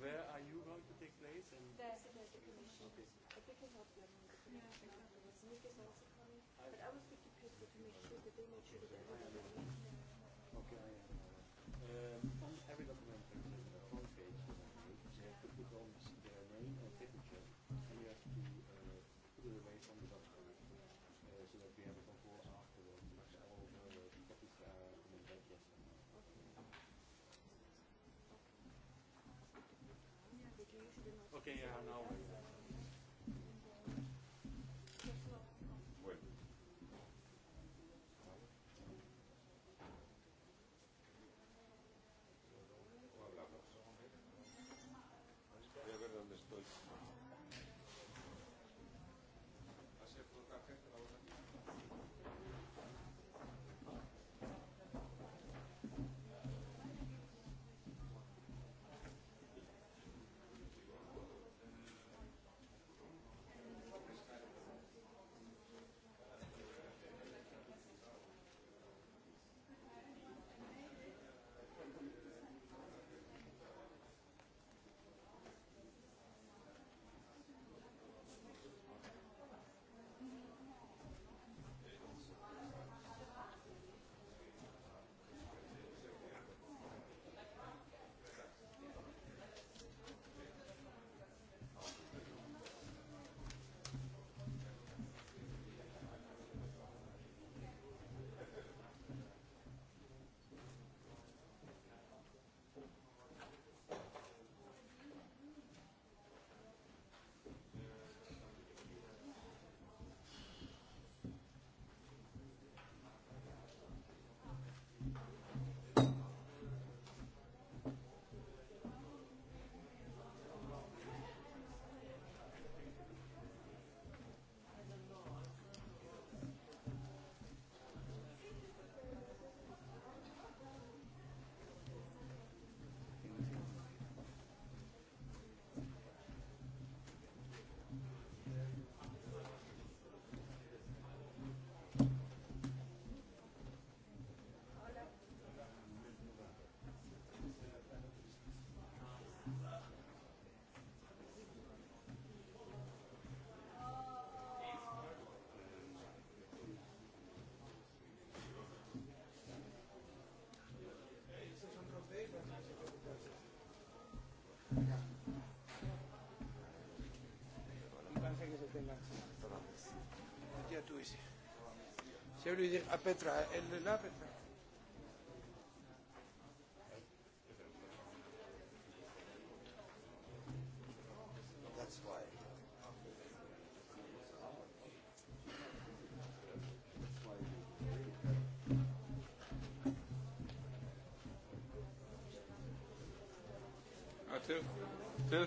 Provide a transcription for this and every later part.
Where are you going to take place? There's, there's the commission. Okay. I think it's not the commission. Yeah, But I will speak to people to make sure that they make sure that everyone knows. Okay, I am. Um, on every document, the front page, you have to put on their name and signature, and you have to uh, put it away from the document uh, so that we have a control afterwards. All the copies are in the back, yes. Okay, yeah, now. Je vais lui dire à Petra, elle est là, Petra. That's why. Two. Two.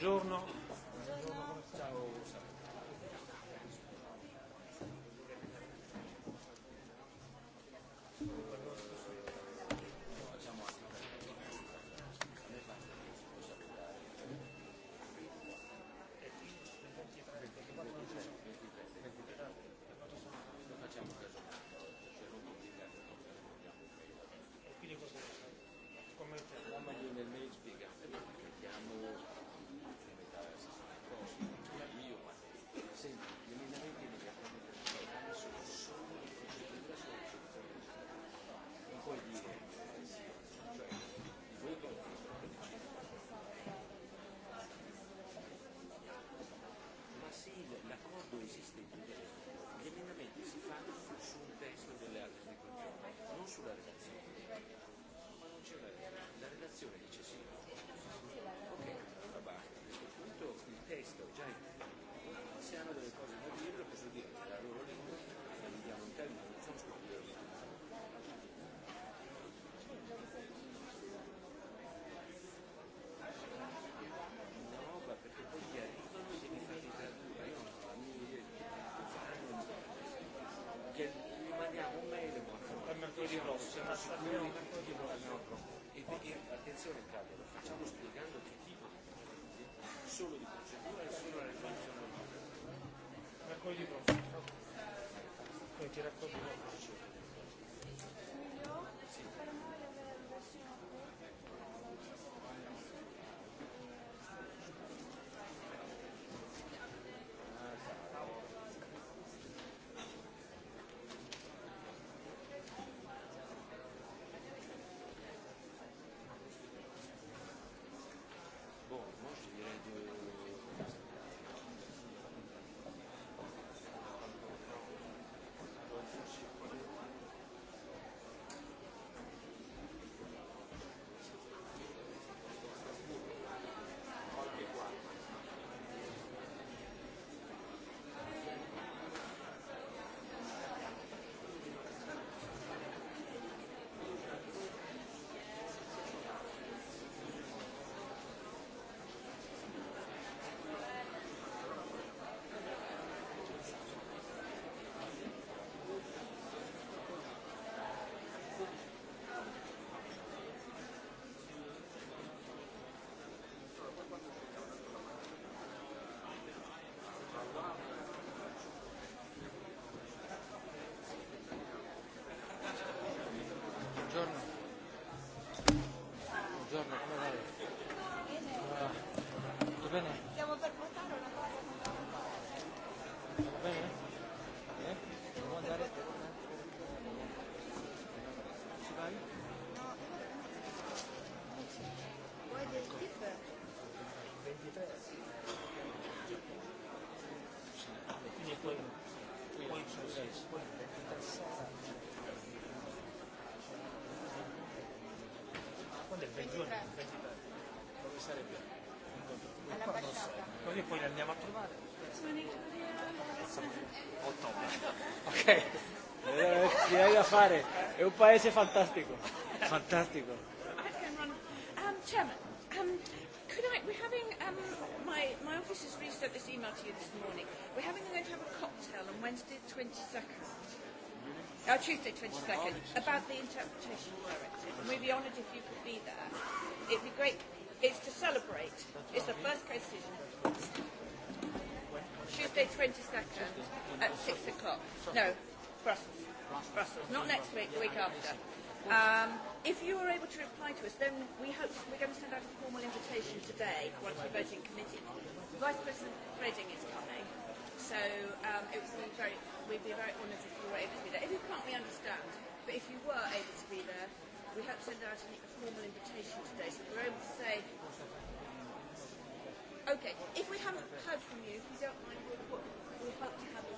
Buongiorno. e perché attenzione al lo facciamo spiegando che tipo di progetti, solo di procedura e solo la risoluzione Raccogli poi ti raccogli proprio procedura. Sì. Quindi Quando è sarebbe? poi li andiamo a trovare. fare. È un paese fantastico. Fantastico. Um, chairman um, my, my office has reached out this email to you this morning. We're having going to have a cocktail on Wednesday the 22nd. Uh, Tuesday 22nd, about the interpretation directive. And we'd be honoured if you could be there. It'd be great. It's to celebrate. It's the first case decision. Tuesday 22nd at 6 o'clock. No, Brussels. Brussels. Not next week, the week after. Um, if you are able to reply to us, then we hope we're going to send out a formal invitation today once we vote in committee. Vice President Redding is coming, so um, it would be very, we'd be very honoured if you were able to be there. If you can't, we understand. But if you were able to be there, we hope to send out a formal invitation today, so we're able to say. Okay, if we haven't heard from you, if you don't mind, we'll, we'll hope to have a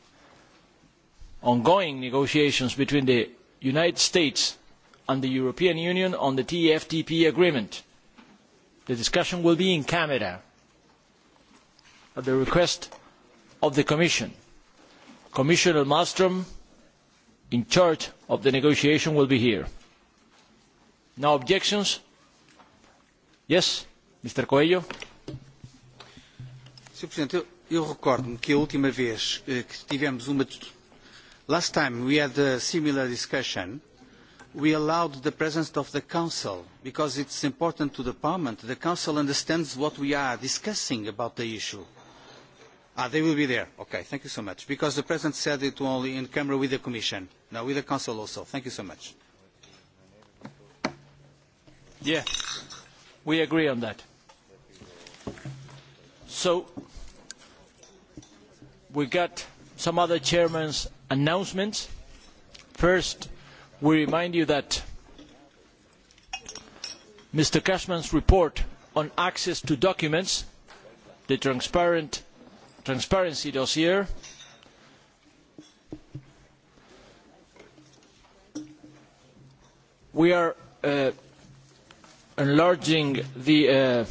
ongoing negotiations between the United States and the European Union on the TFTP agreement. The discussion will be in camera at the request of the Commission. Commissioner Malmstrm, in charge of the negotiation, will be here. No objections? Yes, Mr. Coelho. Sr. Presidente, eu recordo-me que a última vez que tivemos uma Last time we had a similar discussion. We allowed the presence of the Council because it is important to Parliament. The Council understands what we are discussing about the issue. Ah, they will be there. Okay, thank you so much. Because the President said it only in camera with the Commission. Now with the Council also. Thank you so much. Yeah, we agree on that. So we got some other chairmans announcements. First, we remind you that Mr. Cashman's report on access to documents, the transparency dossier, we are enlarging the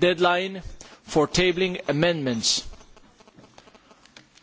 deadline for tabling amendments